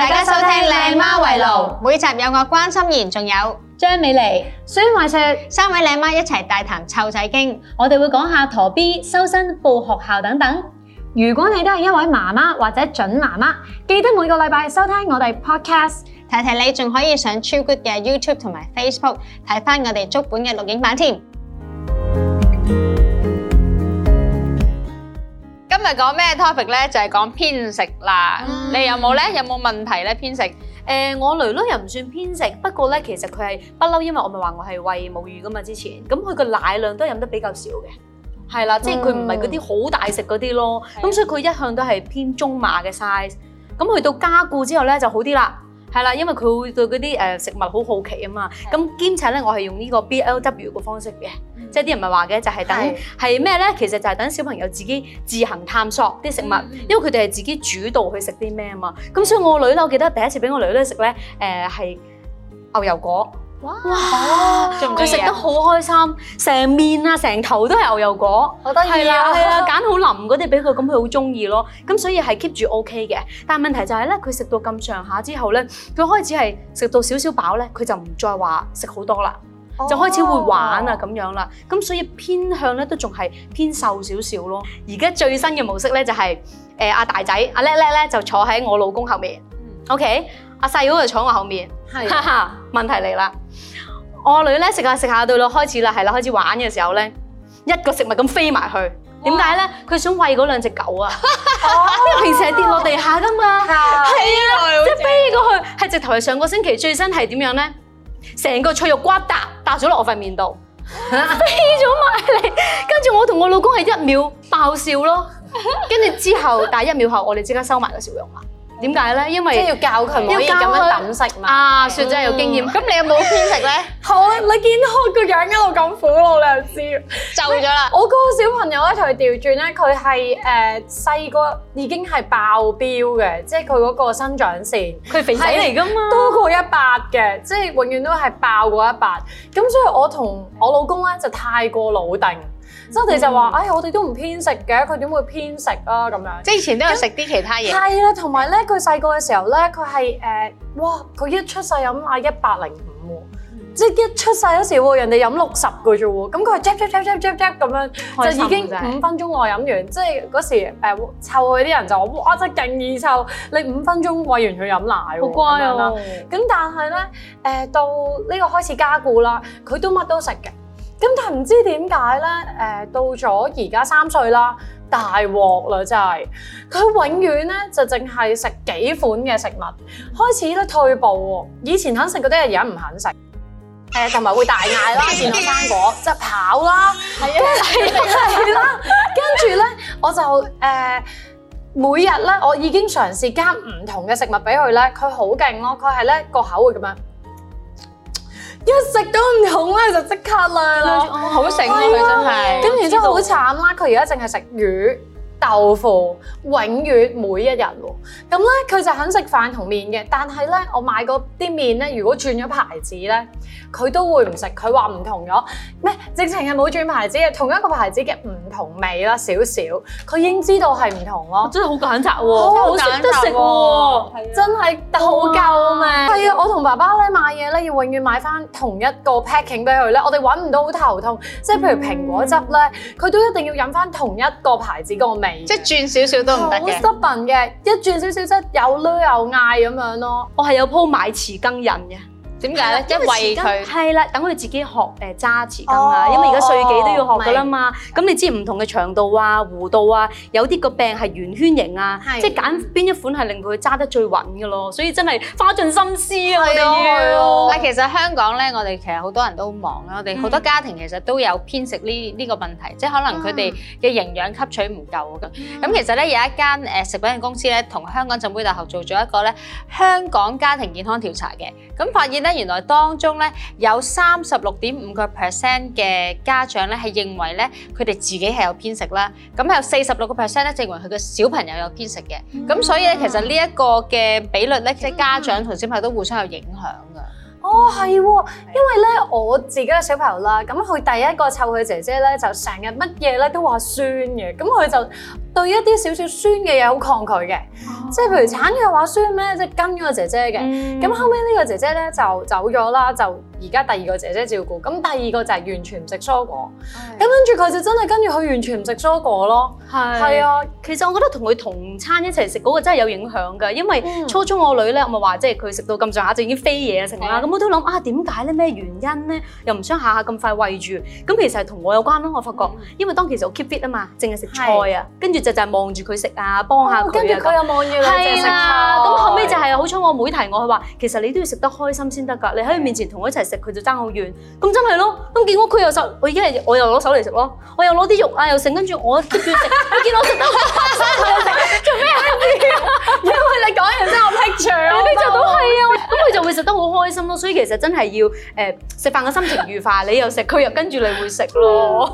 大家收聽靚媽為奴，每集有我關心妍，仲有張美妮，孫慧雪三位靚媽一齊大談湊仔經。我哋會講下陀 B、修身、報學校等等。如果你都係一位媽媽或者準媽媽，記得每個禮拜收聽我哋 podcast。提提你仲可以上超 good 嘅 YouTube 同埋 Facebook 睇返我哋足本嘅錄影版添。講咩 topic 咧？就係、是、講偏食啦。嗯、你有冇咧？有冇問題咧？偏食？誒、呃，我女女，又唔算偏食。不過咧，其實佢係不嬲，因為我咪話我係餵母乳噶嘛，之前。咁佢個奶量都飲得比較少嘅，係啦，即係佢唔係嗰啲好大食嗰啲咯。咁的所以佢一向都係偏中碼嘅 size。咁去到加固之後咧，就好啲啦。係啦，因為佢會對嗰啲誒食物好好奇啊嘛。咁兼且咧，我係用呢個 B L W 嘅方式嘅，嗯、即係啲人咪係話嘅，就係、係、等係咩咧？其實就係等小朋友自己自行探索啲食物，嗯、因為佢哋係自己主動去食啲咩啊嘛。咁所以我個女咧，我記得第一次俾我女咧食咧，誒、呃、係牛油果。哇哇！佢食得好開心，成面啊，成頭都係牛油果，好得意啊！係啊，揀好腍嗰啲俾佢，咁佢好鍾意咯。咁所以係 keep 住 OK 嘅。但係問題就係咧，佢食到咁上下之後咧，佢開始係食到少少飽咧，佢就唔再話食好多啦，就開始會玩啊咁樣啦。咁所以偏向咧都仲係偏瘦少少咯。而家最新嘅模式咧就係誒阿大仔阿叻叻咧就坐喺我老公後面，OK。阿細佬就坐我後面，係的，問題嚟啦。我女咧食下食下到咯，開始啦，係啦，開始玩嘅時候咧，一個食物咁飛埋去，點解咧？佢哇想餵嗰兩隻狗啊，哦、 因為平時係跌落地下㗎嘛，係啊，即係的、啊、飛過去，係直頭係上個星期最新係點樣咧？成個脆肉瓜嗒嗒咗落我塊面度，啊、 飛咗埋嚟。跟住我同我老公係一秒爆笑咯，跟住之後 但係一秒後我哋即刻收埋個笑容啦。點解咧？因為即係要教佢唔可以咁他樣抌食嘛。啊，算真、嗯、姐有經驗。咁、嗯、你有冇偏食咧？ 好，你見到我個樣一路咁苦，老兩少， 就咗了啦。 我嗰個小朋友咧，同佢調轉咧，佢係誒細個已經係爆標嘅，即係佢嗰個生長線，佢肥仔嚟㗎嘛，多過一百嘅，即係永遠都係爆過一百。咁所以，我同我老公咧就太過老定。即係我哋就話，誒我哋都唔偏食嘅，佢點會偏食啊？咁樣即係以前都有食啲其他嘢，係啦。同埋咧，佢細個嘅時候咧，佢係誒，哇！佢一出世飲奶一百零五，即係一出世嗰時喎，人哋飲六十嘅啫喎，咁佢係 jump jump jump jump jump 咁樣，就已經五分鐘內飲完。即係嗰時誒湊佢啲人就話，哇！真係勁易湊，你五分鐘餵完佢飲奶喎，好乖啊！咁但係咧誒，到呢個開始加固啦，佢都乜都食嘅。咁但係唔知點解咧？誒到咗而家三歲啦，大鑊啦真係！佢、就是、永遠咧就淨係食幾款嘅食物，開始咧退步喎。以前肯食嗰啲嘢，而家唔肯食。誒同埋會大嗌啦，見到生果即係跑啦，係啊係啦。跟住咧，我就誒、呃、每日咧，我已經嘗試加唔同嘅食物俾佢咧，佢好勁咯。佢係咧個口會咁樣。一食都唔好啦，就即刻累啦，好、哦、 醒啦、啊、佢、啊、真係，咁然之後好慘啦、啊，佢而家淨係食魚。豆腐永遠每一日喎，咁咧佢就肯食飯同麵嘅，但係咧我買嗰啲麵咧，如果轉咗牌子咧，佢都會唔食，佢話唔同咗咩？直情係冇轉牌子嘅，同一個牌子嘅唔同味啦少少，佢已經知道係唔同咯。真係好揀擇喎，好識得食喎，真係好夠味。係啊，我同爸爸咧買嘢咧要永遠買翻同一個 packing 俾佢咧，我哋揾唔到好頭痛，即係譬如蘋果汁咧，佢、嗯、都一定要飲翻同一個牌子個味。即係轉少少都唔得嘅，好失平嘅，一轉少少即係又嬲又嗌咁樣咯。我係有鋪買瓷羹印嘅。點解咧？因為佢係啦，等佢自己學誒揸匙羹啊。因為而家歲幾都要學噶啦嘛。咁你知唔同嘅長度啊、弧度啊，有啲個病係圓圈形啊，即係揀邊一款係令佢揸得最穩㗎咯。所以真係花盡心思啊！我哋要。係啊係啊。誒，其實香港咧，我哋其實好多人都好忙啦。我哋好多家庭其實都有偏食呢呢個問題，即係可能佢哋嘅營養吸取唔夠咁。咁其實咧有一間誒食品嘅公司咧，同香港浸會大學做咗一個咧香港家庭健康調查嘅。咁發現咧，原來當中咧有三十六點五個 percent 嘅家長咧係認為咧，佢哋自己係有偏食啦。咁有四十六個 percent 咧，認為佢嘅小朋友有偏食嘅。咁、嗯、所以咧，嗯、其實呢一個嘅比率咧，即係、嗯、家長同小朋友都互相有影響噶。哦，係喎，哦，的因為咧我自己嘅小朋友啦，咁佢第一個湊佢姐姐咧，就成日乜嘢咧都話酸嘅，咁佢就。對一啲少少酸嘅嘢好抗拒嘅，即係譬如橙嘅話酸咩？即係跟咗個姐姐嘅，咁後尾呢個姐姐咧就走咗啦，就而家第二個姐姐照顧。咁第二個就係完全唔食蔬果，咁跟住佢就真係跟住佢完全唔食蔬果咯。係啊，其實我覺得同佢同餐一齊食嗰個真係有影響㗎，因為初初我女咧，我咪話即係佢食到咁上下就已經飛嘢食啦。咁我都諗啊，點解咧？咩原因咧？又唔想下下咁快餵住。咁其實係同我有關咯，我發覺，因為當其實我 keep fit 啊嘛，淨係食菜啊，跟住。就係望住佢食啊，幫下佢。跟住佢又望住我一齊食。係，咁後尾就係好彩，我妹提我佢話，其實你都要食得開心先得㗎。你喺佢面前同我一齊食，佢就爭好遠。咁真係咯。咁見到佢又食，我而家係我又攞手嚟食咯。我又攞啲肉啊，又食。跟住我一端食，佢見我食得開心，做咩啊？因為你講完之後我唔食嘅嘛。呢就都係啊。咁佢就會食得好開心咯。所以其實真係要誒食飯嘅心情愉快，你又食，佢又跟住你會食咯。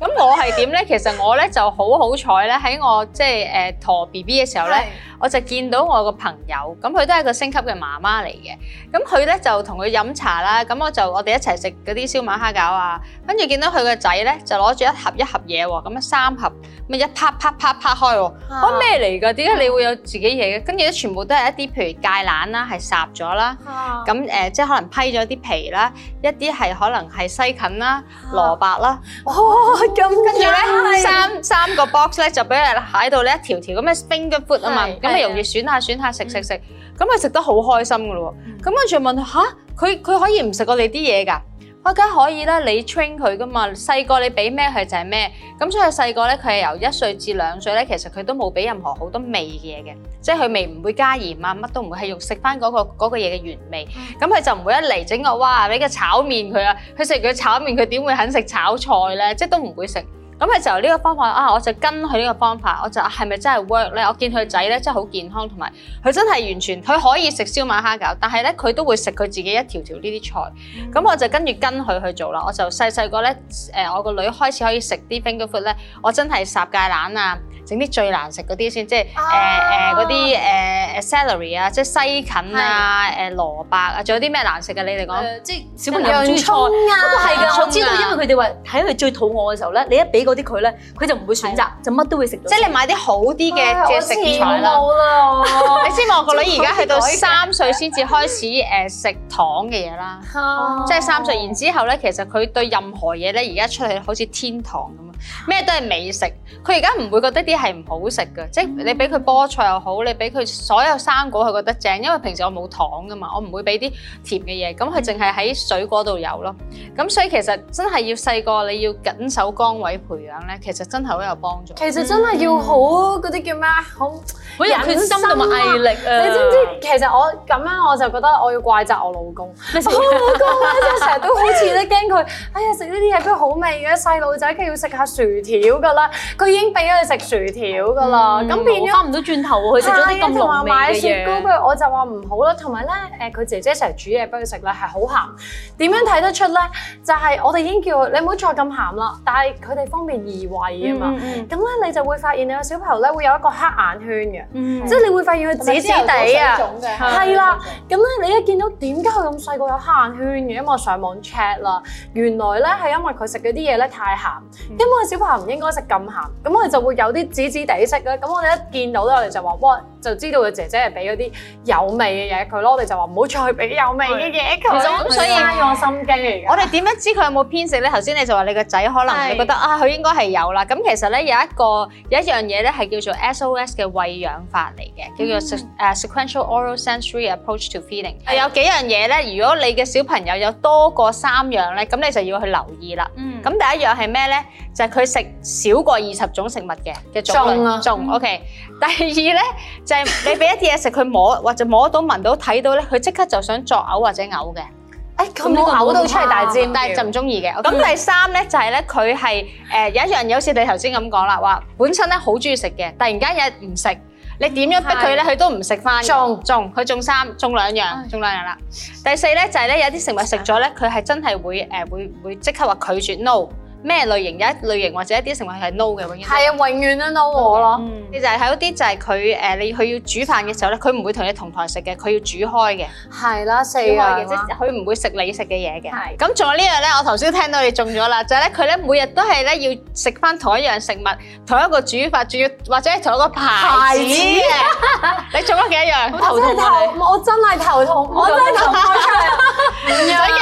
咁我係點咧？其實我咧就好好彩。喺我即係誒陀 B B 嘅時候咧，是我就見到我個朋友，咁佢都係個星級嘅媽媽嚟嘅，咁佢咧就同佢飲茶啦，咁我就我哋一齊食嗰啲燒麥蝦餃啊，跟住見到佢個仔咧就攞住一盒一盒嘢喎，咁啊三盒。咪一拍拍拍拍開喎，嚇咩嚟㗎？點解你會有自己嘢嘅？跟住咧全部都係一啲譬如芥蘭啦，係殺咗啦，咁誒即係可能批咗啲皮啦，一啲係可能係西芹啦、蘿蔔啦，哇咁跟住咧三三個 box 咧就俾你喺度咧一條條咁嘅 finger food 啊嘛，咁咪容易選下選下食食食，咁咪食得好開心㗎咯喎！咁我仲問下，佢佢可以唔食過你啲嘢㗎？我梗係可以啦，你 train 佢噶嘛，細個你俾咩佢就係咩，咁所以細個咧佢係由一歲至兩歲咧，其實佢都冇俾任何好多味嘅嘢嘅，即係佢味唔會加鹽啊，乜都唔會，係用食翻嗰個嗰個嘢嘅原味，咁佢就唔會一嚟整個哇俾個炒麵佢啊，佢食佢炒麵佢點會肯食炒菜咧？即係都唔會食。咁佢就由呢個方法啊，我就跟佢呢個方法，我就係咪真係 work 呢？我見佢仔咧真係好健康，同埋佢真係完全佢可以食燒賣蝦餃，但係咧佢都會食佢自己一條條呢啲菜。咁、嗯、我就跟住跟佢去做啦。我就細細個咧，誒我個女開始可以食啲 finger food 咧，我真係撒芥蘭啊！整啲最難食嗰啲先，即係誒誒嗰啲誒 celery 啊，即、啊、係西芹啊，誒、啊、蘿蔔啊，仲有啲咩難食嘅？你嚟講，即係的小朋友做菜，不過係嘅，我知道，啊、因為佢哋話喺佢最肚餓嘅時候咧，你一俾嗰啲佢咧，佢就唔會選擇，的就乜都會食。即係你買啲好啲嘅嘅食材啦。 你知唔知我個女而家去到三歲先至開始誒食糖嘅嘢啦？即係三歲然之後咧，其實佢對任何嘢咧，而家出去好似天堂咁。咩都係美食，佢而家唔會覺得啲係唔好食噶，即係你俾佢菠菜又好，你俾佢所有生果，佢覺得正，因為平時我冇糖噶嘛，我唔會俾啲甜嘅嘢，咁佢淨係喺水果度有咯。咁所以其實真係要細個你要緊守崗位培養咧，其實真係好有幫助。其實真係要好嗰啲叫咩啊，好有忍心同埋毅力啊！你知唔知？其實我咁樣我就覺得我要怪責我老公，我老公呢，就成日都好似都驚佢，哎呀食呢啲嘢佢好味嘅，細路仔佢要食下。薯條噶啦，佢已經俾咗佢食薯條噶啦，咁、嗯、變咗了差唔到轉頭佢食咗啲金龍雪糕嘢。我就話唔好啦，同埋咧誒，佢、呃、姐姐成日煮嘢俾佢食咧係好鹹。點樣睇得出咧？就係、是、我哋已經叫你唔好再咁鹹啦。但係佢哋方便移位啊嘛。咁咧、嗯嗯、你就會發現咧，你個小朋友咧會有一個黑眼圈嘅，即係、嗯、你會發現佢紫紫哋啊。係啦，咁咧的 你一見到點解佢咁細個有黑眼圈嘅？因為我上網 check 啦，原來咧係因為佢食嗰啲嘢咧太鹹。因為 嗯咁個小朋友唔應該食咁鹹，咁我哋就會有啲紫紫哋色咧。咁我哋一見到咧，我哋就話：哇，就知道佢姐姐係俾嗰啲有味嘅嘢佢咯。我哋就話唔好再俾有味嘅嘢佢。其實咁所以嘥我心機。我哋點樣知佢有冇偏食咧？頭先你就話你個仔可能你覺得啊，佢應該係有啦。咁其實咧有一個有一樣嘢咧係叫做 SOS 嘅餵養法嚟嘅，叫做 Sequential Oral Sensory Approach to Feeding。係有幾樣嘢咧，如果你嘅小朋友有多過三樣咧，咁你就要去留意啦。嗯。咁第一樣係咩咧？就就係佢食少過二十種食物嘅嘅種類，中 OK。第二咧就係你俾一啲嘢食佢摸，或者摸到、聞到、睇到咧，佢即刻就想作嘔或者嘔嘅。誒，佢冇嘔到出嚟大戰，但係就唔中意嘅。咁第三咧就係咧，佢係誒有一樣，有似你頭先咁講啦，話本身咧好中意食嘅，突然間又唔食，你點樣逼佢咧，佢都唔食翻。中中，佢中三，中兩樣，中兩樣啦。第四咧就係咧，有啲食物食咗咧，佢係真係會誒會會即刻話拒絕 no。咩類型？有一類型或者一啲食物係 no 嘅，永遠係啊，永遠都 no 我咯。你就係喺一啲就係佢誒，你佢要煮飯嘅時候咧，佢唔會同你同台食嘅，佢要煮開嘅。係啦，四啊，即佢唔會食你食嘅嘢嘅。係。咁仲有呢樣咧？我頭先聽到你中咗啦，就係咧佢咧每日都係咧要食翻同一樣食物，同一個煮法，煮，或者同一個牌子嘅。你中咗幾多樣？好頭痛！我真係頭痛。我真係頭痛。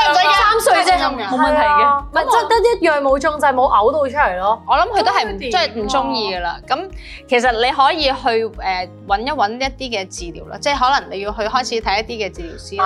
冇問題嘅，唔係真得一樣冇中，就係冇嘔到出嚟咯。我諗佢都係即係唔中意嘅啦。咁其實你可以去誒揾一揾一啲嘅治療啦，即係可能你要去開始睇一啲嘅治療師，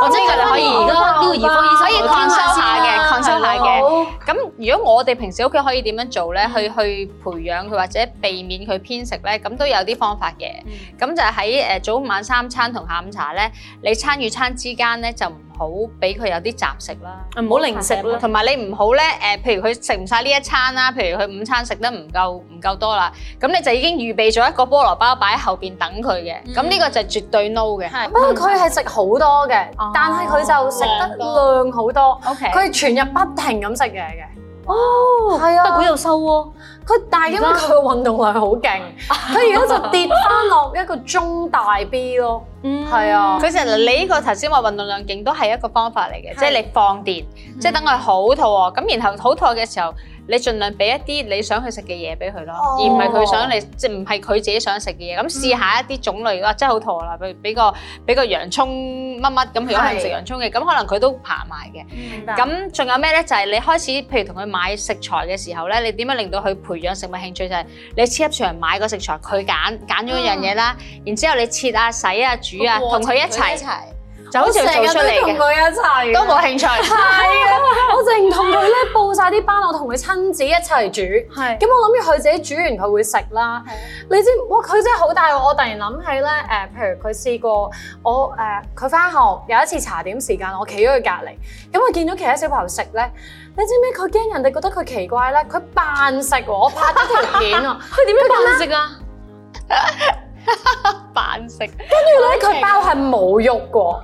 或者你可以而家可以控制下嘅、控制下嘅。咁如果我哋平時屋企可以點樣做咧，去去培養佢或者避免佢偏食咧，咁都有啲方法嘅。咁就係喺誒早午晚三餐同下午茶咧，你餐與餐之間咧就。好俾佢有啲雜食啦，唔好、啊、零食啦。同埋的你唔好咧，誒、呃，譬如佢食唔晒呢一餐啦，譬如佢午餐食得唔夠唔夠多啦，咁你就已經預備咗一個菠蘿包擺喺後邊等佢嘅。咁呢、嗯、個就絕對 no 嘅。不過佢係食好多嘅，哦、但係佢就食得量好多。OK，佢全日不停咁食嘢嘅。哦，係啊，但佢又收喎、啊，佢但因為佢運動量好勁，佢而家就跌翻落一個中大 B 咯，嗯，係啊，佢就嗱，你呢個頭先話運動量勁都係一個方法嚟嘅，即係是你放電，即係等佢好肚餓，咁然後好肚餓嘅時候，你盡量俾一啲你想去食嘅嘢俾佢咯，哦、而唔係佢想你即唔係佢自己想食嘅嘢，咁試下一啲種類，哇、嗯啊，真係好肚餓啦，譬如俾個俾個洋葱。乜乜咁，佢可能食洋葱嘅，咁可能佢都爬埋嘅。咁仲有咩咧？就係、是、你開始，譬如同佢買食材嘅時候咧，你點樣令到佢培養食物興趣？就係、是、你切入場買個食材，佢揀揀咗一樣嘢啦，嗯、然之後你切啊、洗啊、煮啊，同佢一齊。就好似做出嚟嘅，同佢一齊都冇興趣。係啊， 我淨係同佢咧報晒啲班，我同佢親子一齊煮。係的，咁我諗住佢自己煮完佢會食啦。的你知哇？佢真係好大。但係我突然諗起咧，誒、呃，譬如佢試過我誒，佢、呃、翻學有一次茶點時間，我企喺佢隔離，咁、嗯、我見到其他小朋友食咧，你知咩？佢驚人哋覺得佢奇怪咧，佢扮食喎。我拍咗條片啊，佢點 樣扮食啊？ 扮食，跟住咧佢包係冇肉嘅，哦、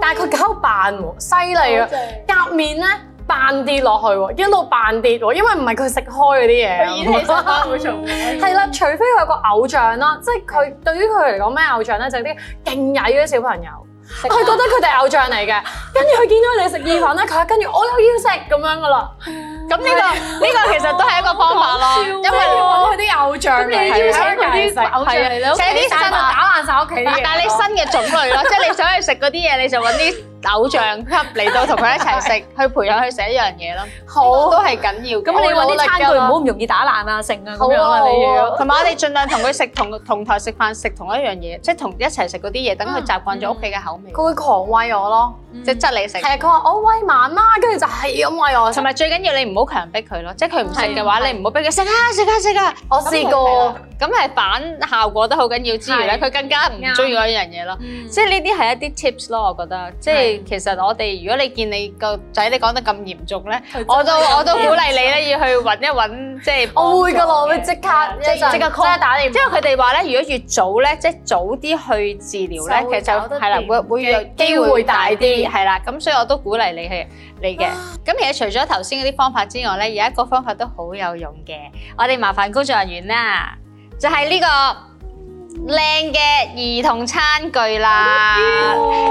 但係佢搞扮喎，犀利啊！夾謝麵咧扮下跌落去喎，一路扮跌喎，因為唔係佢食開嗰啲嘢。係啦、嗯， 除非佢有個偶像啦，即係佢對於佢嚟講咩偶像咧，就係啲勁曳嗰啲小朋友。佢覺得佢哋偶像嚟嘅，跟住佢見到你食意粉咧，佢話跟住我又要食咁樣噶啦，咁呢個其實都係一個方法咯，因為揾佢啲偶像嚟，邀請佢啲偶像嚟，請啲新就打爛曬屋企啲嘢，但係你新嘅種類咯，即你想去食嗰啲嘢，你就揾啲。偶像級嚟到同佢一齊食， 去培養佢食一樣嘢咯，好 都係緊要。咁 你揾啲餐具唔好咁容易打爛啊，成啊咁、 啊、樣啊，你要。 你同埋你盡量同佢食同同台食飯食同一樣嘢，即、就、係、是、同一齊食嗰啲嘢，等佢習慣咗屋企嘅口味。佢、 嗯嗯、會狂餵我咯，嗯、即係質你食。係啊，佢話我餵媽媽，跟住。係因為我，同埋最緊要你唔好強逼佢咯，即係佢唔食嘅話，你唔好逼佢食啊食啊食啊！我試過，咁係反效果都好緊要之餘咧，佢更加唔中意嗰樣嘢咯。即係呢啲係一啲 tips 咯，我覺得。即係其實我哋，如果你見你個仔，你講得咁嚴重咧，我都我都鼓勵你咧，要去揾一揾，即係我會噶，我會即刻即即刻打電話，因為佢哋話咧，如果越早咧，即係早啲去治療咧，其實係啦，會會有機會大啲，係啦。咁所以我都鼓勵你係你嘅。咁其實除咗頭先嗰啲方法之外咧，有一個方法都好有用嘅。我哋麻煩工作人員啦，就係呢個靚嘅兒童餐具啦。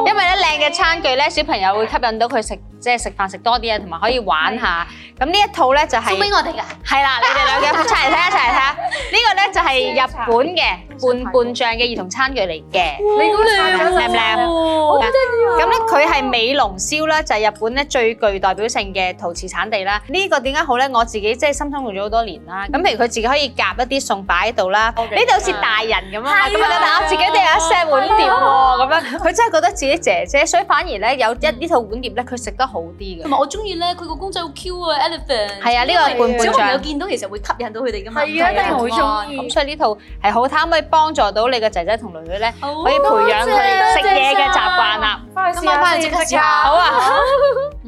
因為咧靚嘅餐具咧，小朋友會吸引到佢食，即係食飯食多啲啊，同埋可以玩下。咁呢一套咧就係送俾我哋嘅。係啦，你哋兩個出嚟睇一齊睇啊！呢個咧就係日本嘅半半醬嘅兒童餐具嚟嘅。你嗰靚唔靚哇？好真啲啊！美濃燒啦，就係日本最具代表性嘅陶瓷產地。呢個點解好呢？我自己真心用咗好多年，咁譬如佢自己可以夾一啲餸擺喺度啦，呢度好似大人咁樣，但係我自己有一 set 碗碟，佢真係覺得自己姐姐，所以反而有一套碗碟，佢食得好啲嘅。同埋我鍾意佢個公仔好 Q, Elephant, 是啊，呢個碗碟，好啊！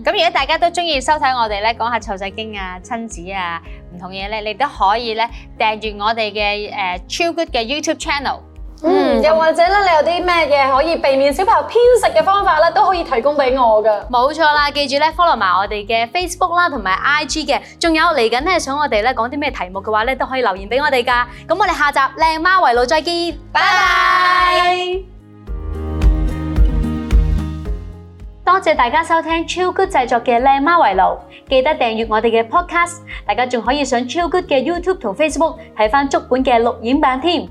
咁如果大家都中意收睇我哋咧，講下《湊仔經》啊、親子啊，唔同嘢咧，你都可以咧訂閱我哋嘅誒《超 good》嘅 YouTube Channel。嗯，又或者咧，你有啲咩嘢可以避免小朋友偏食嘅方法咧，都可以提供俾我噶。冇錯啦，記住咧，follow 埋我哋嘅 Facebook 啦，同埋 IG 嘅。仲有嚟緊咧，想我哋咧講啲咩題目嘅話咧，都可以留言俾我哋噶。咁我哋下集靚媽圍爐再見，拜拜。多謝大家收聽超 good 製作嘅靚媽圍爐，記得訂閱我哋嘅 Podcast，大家仲可以上超 good 嘅 YouTube 同 Facebook 睇返足本嘅錄影版添。